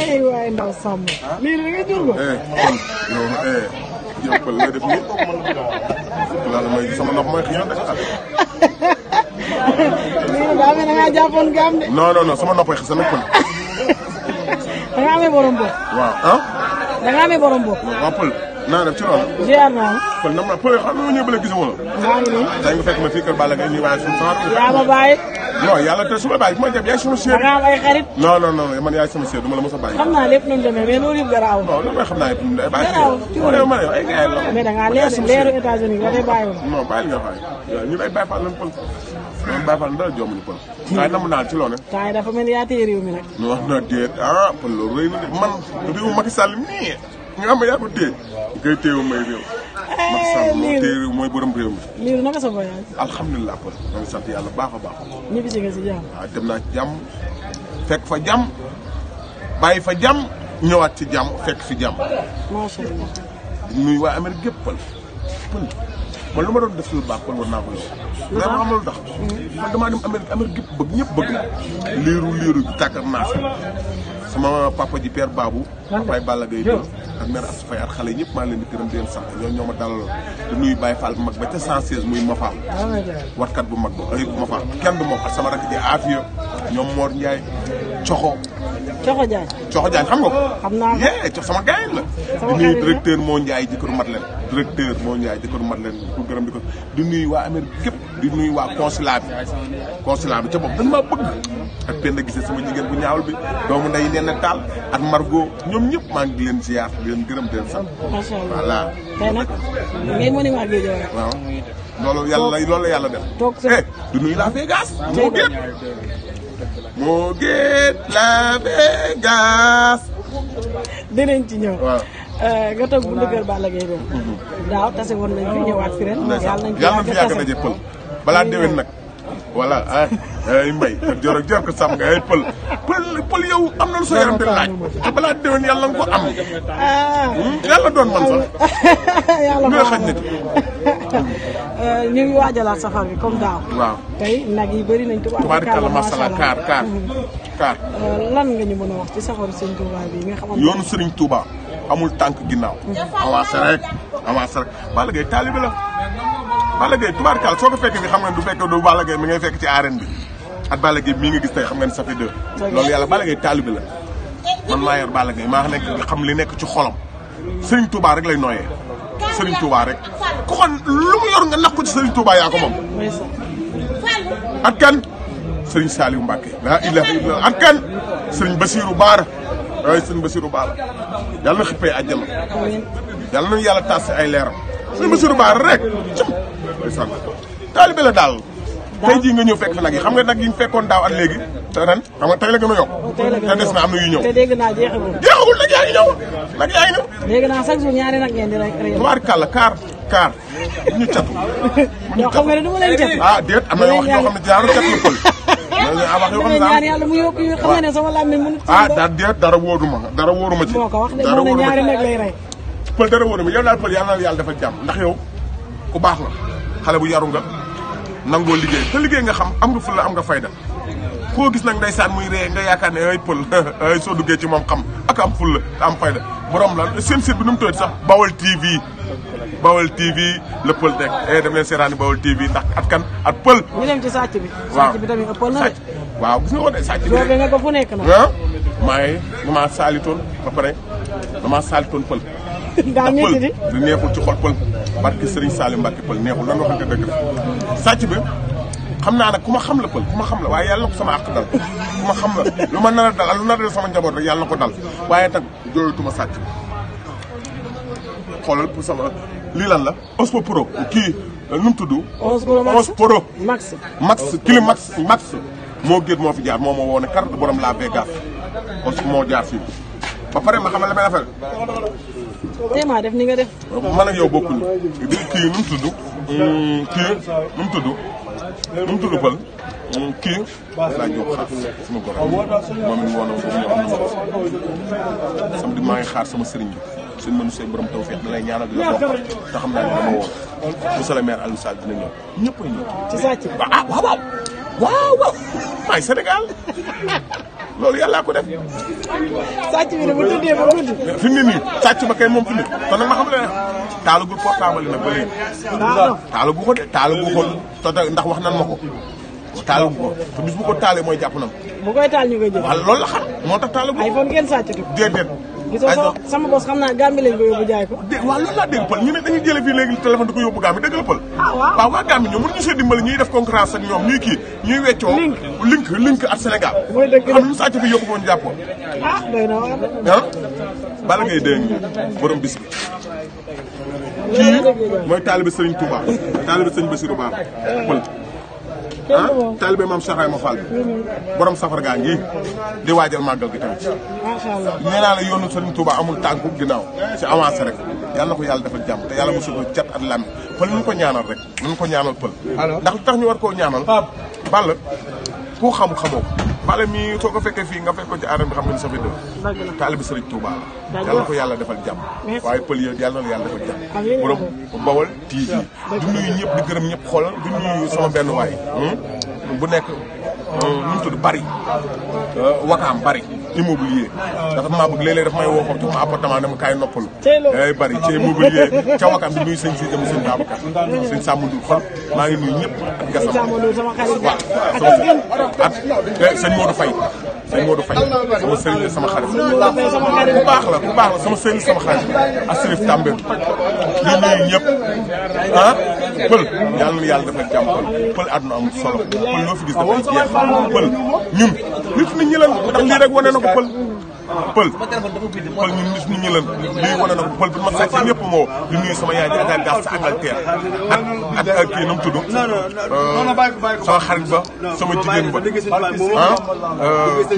eh waaye ndaw sàmm. lii la nga jur ko. kon yow eh yow pël la def nii. sama ndox mooy xiñaan rek. lii daa mel ne da ngaa gaam de. non non non sama noppay xase nag pël. da ngaa amee borom waaw ah. da ngaa amee borom naa def ci loolu. ziar naa la. kon na ma po xam nga ñëw ba léegi gisuma la. maa ngi nii. daa ngi fekk ma fii kër Balla Gaye ñuy waaye suñu soxor. yaa ma bàyyi. non yàlla te su ma bàyyi bu ma jëm yaay sama séer. da ngaa am ay xarit. non non non man yaay sama séer du ma la mos a bàyyi. xam naa lépp lu mu demee mais loolu yëpp garaawul. non loolu mooy xam naa yëpp mu day bàyyi. garaawul ci loolu ma ne ay gars la. Ah, mais da ngaa leer leeru États-Unis nga day bàyyi woon. non bàyyi li nga bàyyi waaw ñu lay bàyyi fa lan pël loolu bàyyi fa lan dara jomb ni pël. waaye namm naa ci loolu. waaye dafa mel ni yaa téye réew mi nag. non non déet ah pël loolu rëy na de man réew Macky Sall mii nga xam ne yaa ko téye ngay téewu may réew. Eh, mooy borom réew mi. liir naka sa voyage. alhamdulilah kon maa sant yàlla baax a baax. ñibbisi nga si jàmm. waaw dem naa ci fekk fa jàmm bàyyi fa jàmm ñëwaat ci jàmm fekk fi jàmm. macha allah. nuyu gépp pël pël man lu ma doon def lu baax pël war naa ko yow. dara am lu tax. Mhm. man damaa dem Amérique gépp bëgg ñëpp bëgg liiru liiru bi tàggat naa sama papa ji père Babou. papaay Balla Gaye ak mère Assa Faye xale yi ñëpp maa leen di gërëm di leen sant ñoom ñoo ma dalaloon di nuyu Baye Fall bu mag ba ca 116 muy Mafal watkat bu mag ba ayib bu Mafal kenn du moom ak sama rakk ji Afia ñoom Mor Ndiaye Coxo Coxo Diagne Coxo Diagne xam nga ko xam naa yee cox sama gars la di nuyu directeur moo Ndiaye jëkkëru mat leen directeur moo Ndiaye jëkkëru mat leen di ko ko di nuyu waa Amérique gépp di nuyu waa consulat bi consulat bi ca bopp dañ a bëgg ak penn gisee sama bu ñaawul bi doomu nday nee na taal ak Margot ñoom ñëpp maa ngi di leen ziar di leen gërëm di leen sant. macha allah a waa yàlla loolu la yàlla def. toog sa eh, du nuyu Las Vegas. moo géet moo géet euh, mm-hmm. fi ñëwaat fi ren. yàlla nañ balaa déwén nag voilà ah ay eh, mbay jor ak jor ko sàmm nga ay eh, pël pël pël am na lu sa yaram di laaj te balaa déwén yàlla nga ko am hmm? doon man sax yàlla nga xañ na ci euh, ñu ngi waajalaat safar bi comme daaw waaw nag yi bëri nañ tubaarkalla masala kaar kaar euh, lan nga ñu mën a wax ci safaru sëñ Touba nga xamante yoonu sëriñ Touba amul tànk ginnaaw avancé rek avancé rek Balla Gaye la Balla Gaye tubaarkaal soo ko fekkee fi xam nga du fekk du Balla Gaye mi ngay fekk ci arène bi nga gis tey xam nga ne ça fait deux loolu yàlla Balla Gaye taalibe la man maa yor Balla Gaye maa nekk xam li nekk ci xolam Serigne Touba rek lay nooyee Serigne Touba rek ku xon lu mu yor nga nax ko ci Serigne Touba yaa ko moom at kan Serigne Saliou Mbacké laa ilaaha illa at kan Serigne Bassirou Baara waaye Serigne Bassirou Baara yàlla na xippee àjjana yàlla na yàlla tas ay leeram Serigne Bassirou Baara rek ndeysaan taalibe la daal tey jii nga ñëw fekk fi nag yi xam nga nag yi ñu fekkoon daaw at léegi te ren xam nga tey la gën a yokk te des na am na yu ñëw te dégg naa jeexagul jeexagul nag yaa ngi ñëw nag yaa nag ah, na ne jaaru catu la pël ah wax yoo xam ne ñaan yàlla mu yokk yu xam nga ne sama làmmiñ mënut ah da déet dara wóoruma dara wóoruma ci de moo ne ñaari nag lay rey daal pël yàlla na yàlla dafa jàmm ndax yow ku baax la xale bu yaru nga nangoo liggéey te liggéey nga xam am nga fulla am nga fayda koo gis nag ndeysaan muy ree nga yaakaar ne ay pël ay soo ci moom xam ak am fulla te am fayda borom la seen bi nu mu sax Bawol TV Bawol TV le pël teg eh dem seeraani Bawol TV ndax at kan at pël. ñu dem ci sàcc bi. waaw bi de. waaw gis nga ko de sàcc bi de nga ko fu nekk nag. ah maa ngi damaa saalitoon ba pare damaa saalitoon pël. daa métti di pël du neexul ci xol pël. barke Serigne Salim Mbacke Pël neexul lan waxante dëgg fi sàcc bi xam naa nag ku ma xam la Pël ku ma xam la waaye yàlla na sama àq dal ku ma xam la lu ma nar a dal lu nar a dal sama njaboot rek yàlla na ko dal waaye nag jooyatuma sàcc xoolal pour sama lii lan la Ospo Pro kii nu mu tudd. Ospo Max Max kili Max Max moo gét moo fi jaar moo ma woo ne kar borom laa bee gaaf Ospo moo jaar fii ba pare ma xamal la may affaire vraiment def ni nga def. man ak yow bokkuñu kii nu mu tudd mm, kii nu mu tudd nu mu tudd Pël mm, kii laa jóg xaar sama goro moom it woon na ko samedi maa ngi xaar sama sëriñ bi suñ mënu seen borom tawfeex la bokk te xam ne dama woon monsieur dina ñëw a ñëw. ci sàcc ah waaw waaw waaw waaw maay Sénégal. loolu yàllaa ko def. sàcc bi ne bu tuddee ba guddi. fi mu ne nii sàcc ba kay moom fi mu ne kon nag ma xam ne taalagul portable nag ba léegi. taalagu ko de taalagu ko te ndax wax nan ma ko. taalagu ko te bis bu taalee mooy jàpp na ma. bu koy taal ñu koy jël. lool loolu la xam moo tax taalagu. ay fon ngeen sàccatu. déedéet. gisoo sama sama boss xam naa Gambie lañ ko yóbbu jaay ko dé waaw loolu laa dégg pël ñu ne dañuy jële fii léegi téléphone di ko yóbbu Gambie dëgg la pël ah, waaw waa Gambie ñoom mënuñu see dimbali ñuy def concurrence ak ñoom ñuy kii ñuy weccoo link link ak Sénégal am ñu sàcc fi yóbbu woon jàpp ah, ah bala ngay dégg borom bis bi kii mooy taalibe Serigne Touba taalibe Serigne Bassirou Ba pël ah taalibe maam Cheikh Ibrahima Fall bi boroom safar gaa ngi di waajal màggal gi tamit nee naa la yoonu Serigne Touba amul tànku ginnaaw ci avancé rek yàlla na ko yàlla defal jàmm te yàlla mosul ko cat at làmmi pël nañu ko ñaanal rek nañu ko ñaanal pël ndax lu tax ñu war koo ñaanal ball ku xam xamoo xale mi soo ko fekkee fii nga fekk ko ci aram bi xam ne safin la taalibi Sëriñ Tuuba la yàlla na ko yàlla defal jàmm waaye pël yooyu yàlla yàlla defal jàmm borom Bawol TV di nuyu ñëpp di gërëm ñëpp xoolal di nuyu sama benn waay hmm? bu nekk hmm, nu mu tudd bari hmm? wakaam bari immobilier dafa ma bëgg léeg-léeg dafa may woo foofu jox ma appartement dama kaay noppalu day bëri ci immobilier ca wakam bi nuyu sëñ si dem sëñ Babacar sëñ Samadou Fall maa ngi nuyu ñëpp ak gasam waaw ak eh, sëñ Modou Faye sëñ Modou Faye sama sëriñ sama xarit bu baax la sama sëriñ sama xarit Asrif Tambel li nuyu ñëpp ah pël yàlla na yàlla defal pël ñun nit nit ñi lan ndax lii rek wane na ko pël pël pël ñun nit nit ñi lan lii wane na ko pël bi ma sàcc ñëpp moo di nuyu sama yaay jaga gas sa a ak ak kii nu mu tudd sama xarit ba sama jigéen ba ah euh, kii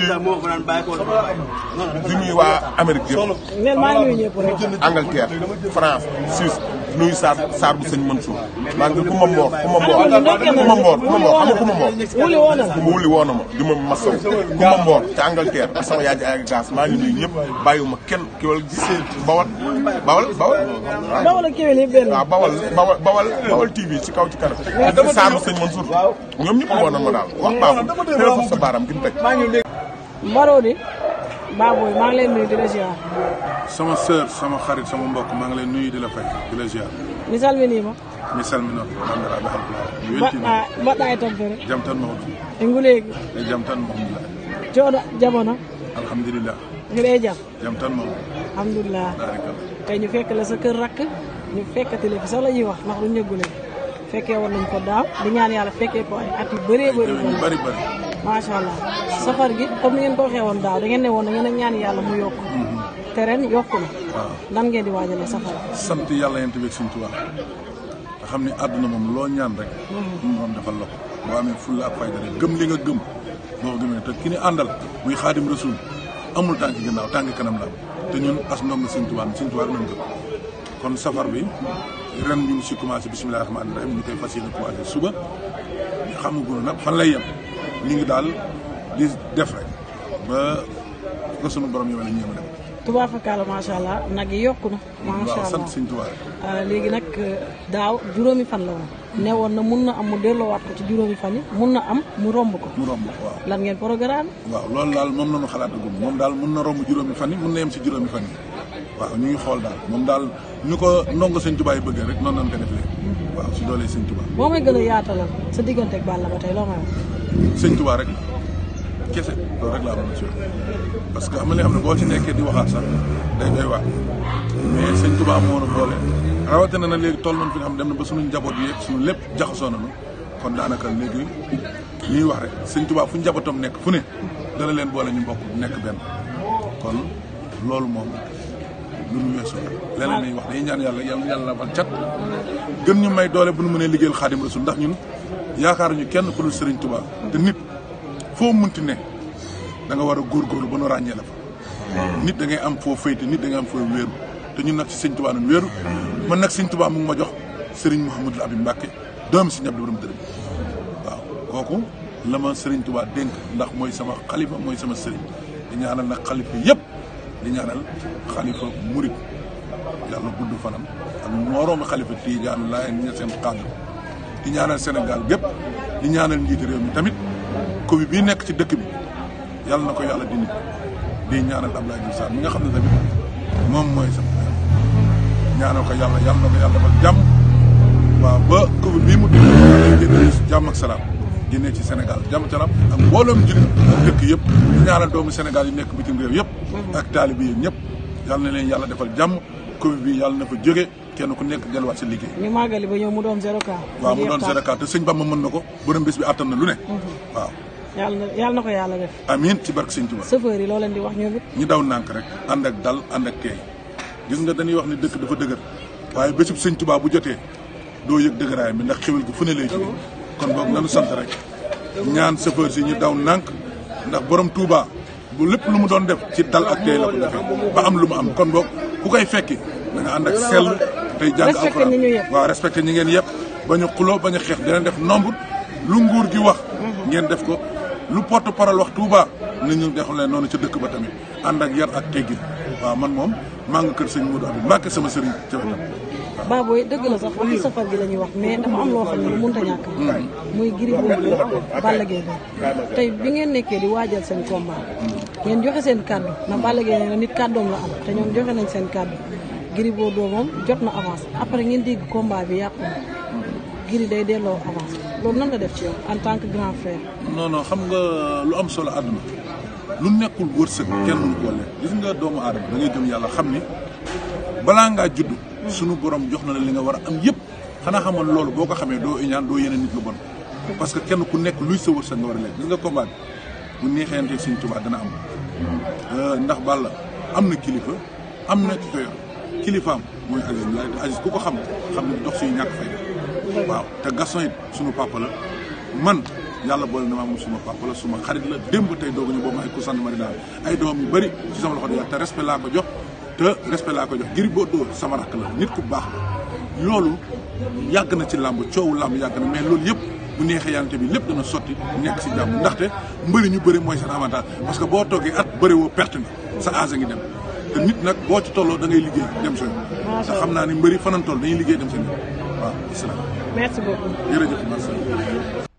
di nuyu waa Amérique yëpp Angleterre France Suisse nuyu Sarr Sarr bu sëñ Mansour maa ngi ku ma mboor ku ma mboor ku ma mboor ku ma ku ma mboor mu wuli woon na ma di yaay gaas maa ngi nuyu ñëpp bàyyiwuma kenn kiwal gisee bawal bawal bawal bawal waaw ah, bawal bawal bawal bawal TV ci kaw ci kanam ci Sarr bu sëñ Mansour ñoom ñëpp woon na ma daal wax baaxul téléphone sa baaram gi mu teg Baboy maa ngi lay nuyu di la ziar. sama sœur sama xarit sama mbokk maa ngi lay nuyu di la fay di la ziar. mi salminiima. mi salminoo bandiraɓe halpulaar weltima mbaɗɗa e tampere jaam tan mawɗum e nguleeki e eh, jaam tan mawɗumlahi jooɗo jamono alhamdulillah mbiɗa e jaam jaam tan mawɗum alhamdulillah tey ñu fekk la sa kër rakk ñu fekkati la fi sax la ñuy wax ndax du ñëggulee fekkee woon nañ ko daaw di ñaan yàlla fekkee ko ay at yu bëree bëri bëri bëri macha allah safar gi comme ni ngeen ko waxee woon daaw da ngeen ne woon da ne a ñaan yàlla mu yokk mm-hmm. te ren yokku na nan ngeen di waajale safar sant yàlla yent bi ak suñu tubaab te xam ne àdduna moom loo ñaan rek mm-hmm. moom defal la ko boo amee fulla ak fayda rek gëm li nga gëm boo ko gëmee te ki àndal muy xaadim rasul amul tànk ginnaaw tànk kanam la te ñun as ndom na suñu tubaab suñu tubaab kon safar bi ren ñu ngi si commencé bisimilah rahmaani rahim ñu koy fas yéene commencé suba xamaguñu nag fan lay yem ñu ngi daal di def rek ba fu ko sunu borom yemee nañ ñeema dem. Touba Fakala macha allah nag yi yokk na. macha allah sant suñu ah, léegi nag euh, daaw juróomi fan la woon. ne woon na mun na am mu delloowaat ko ci juróomi fan yi mun na am mu romb ko. mu romb ko waaw lan ngeen programme. waaw loolu daal moom la ñu xalaatagum moom daal mun na romb juróomi fan yi mun na yem si juróomi fan yi waaw ñu ngi xool daal moom daal ñu ko ndongo sëñ Touba yi bëggee rek noonu lañ ko defee. Mm-hmm. waaw si doolee sëñ Touba. boo may a yaatalal sa digganteeg loo sëñ Tuubaa rek kese loolu rek laa mën a parce que am na li xam boo ci nekkee di waxaat sax day doy waar mais sëñ Tuubaa moo la boole rawatina na léegi toll nañ fi xam dem na ba suñu njaboot yi suñu lépp jaxasoo nañu kon daanaka léegi ñuy wax rek sëñ Tuubaa fu njabootam nekk fu ne dana leen boole ñu bokk nekk benn kon loolu moom lu ñu weesoo leneen lañuy wax dañuy ñaan yàlla yàlla yàlla fal cat gën ñu may doole bu nu ñu mënee liggéeyal Xaadim Rasuul ndax ñun ñu kenn ku dul Serigne tubaa te nit foo munti ne da nga war a góor góorlu ba nu ràññee la fa. nit dangay am foo féete nit da ngay am foo wéeru te ñun nag ci Serigne Touba nañ man nag Serigne Touba mu ngi ma jox Serigne Mouhamadou Abib Mbacke doomu Serigne Abdou Borom dërëm waaw kooku la ma Serigne dénk ndax mooy sama xalifa mooy sama Serigne di ñaanal nag xalifa yëpp di ñaanal xalifa murit yàlla gudd fanam ak moroomi xalifa Tiijaan Laay ña seen xaadar di ñaanal Sénégal gépp di ñaanal njiit réew mi tamit Covid bii nekk ci dëkk bi yàlla na ko yàlla dindi di ñaanal Abdoulaye Diouf mi nga xam ne tamit moom mooy sama ñaanal ko yàlla yàlla na ko yàlla defal jàmm waaw ba Covid bii mu dindi génne jàmm ak salaam ci Sénégal jàmm ak salaam ak mbooloom jullit ak dëkk yëpp di ñaanal doomu Sénégal yi nekk bitim réew yëpp ak taalibe yi ñëpp yàlla na leen yàlla defal jàmm Covid bi yàlla na fa jóge kenn ku nekk delluwaat sa liggéey. ñu màggali ba ñëw mu doon zéro cas. waaw mu doon zéro cas te sëñ Bamba mën na ko borom bis bi attan na lu ne. Mhm. waaw. yàlla na yàlla na ko yàlla def. amiin ci barke sëñ Tuubaa. chauffeur yi loo di wax ñoom it. ñu daw nànk rek ànd ak dal ànd ak keey gis nga dañuy wax ni dëkk dafa dëgër waaye bésub sëñ Tuubaa bu jotee doo yëg dëgëraay bi ndax xéwal gu fu ne lay jógee kon boog nañu sant rek ñaan chauffeur si ñu daw nànk ndax boroom tuubaa bu lépp lu mu doon def ci dal ak teey la ko defee ba am lu mu am kon boog ku koy fekki da nga tey jàng waaw respecté ñi ngeen yëpp ba ñu xuloo ba xeex dinañ def nombre lu nguur gi wax mhm. ngeen def ko lu porte parole wax tuuba na ñu dexal leen noonu ca dëkk ba tamit ànd ak yar ak teggin waaw man moom maa ngi kër sëñ Modou Abib Mbacke sama sëriñ ca wetam Baboy dëgg la sax waxi safar gi la ñuy wax mais dafa am loo xam ne mënut a ñàkk. Mhm. muy Gris Bordeaux Balla Gaye de tey bi ngeen nekkee di waajal seen combat. Mhm. ngeen joxe seen kàddu na Balla Gaye ne nit kàddoom la am te ñoom joxe nañ seen kàddu Gris Bordeaux moom jot na avance après ngeen dégg combat bi yàqu na Gris day delloo avance loolu nan la def ci yow en tant que grand frère. non non xam nga lu am solo àdduna lu nekkul wërsëg kenn mënu ko lekk gis nga doomu aadama da ngay gëm yàlla xam ni balaa ngaa judd. sunu borom jox na la li nga war a am yëpp xanaa xamoon loolu boo ko xamee doo iñaan doo yeneen nit lu bon. parce que kenn ku nekk luy sa wërsëg nga war a lekk gis nga combat bi bu neexeente Sëñ Tuubaa dana am. Euh, ndax Balla am na kilifa am na ki ko yor kilifaam mooy Aziz Ndiaye te Aziz ku ko xam xam ne dox suñu ñàkk fay waaw te Gaston it suñu papa la man yàlla boole na ma suma papa la suma xarit la démb tey dooguñu boobu ay Kousane Marina ay doom yu bëri ci sama loxo yàlla laa jox te respect laa ko jox ngir boo dóor sama rakk la nit ku baax la loolu yàgg na ci làmb coowu làmb yàgg na mais loolu yëpp bu neexee yante bi lépp dana sotti nekk si jàmm ndaxte mbëri ñu bëri mooy seen avantage parce que boo toogee at bëri woo sa âge ngi dem te nit nag boo ci tolloo dangay ngay liggéey dem seen te xam naa ne mbëri fanan toll dañuy liggéey dem seen waaw isalaam merci beaucoup jërëjëf merci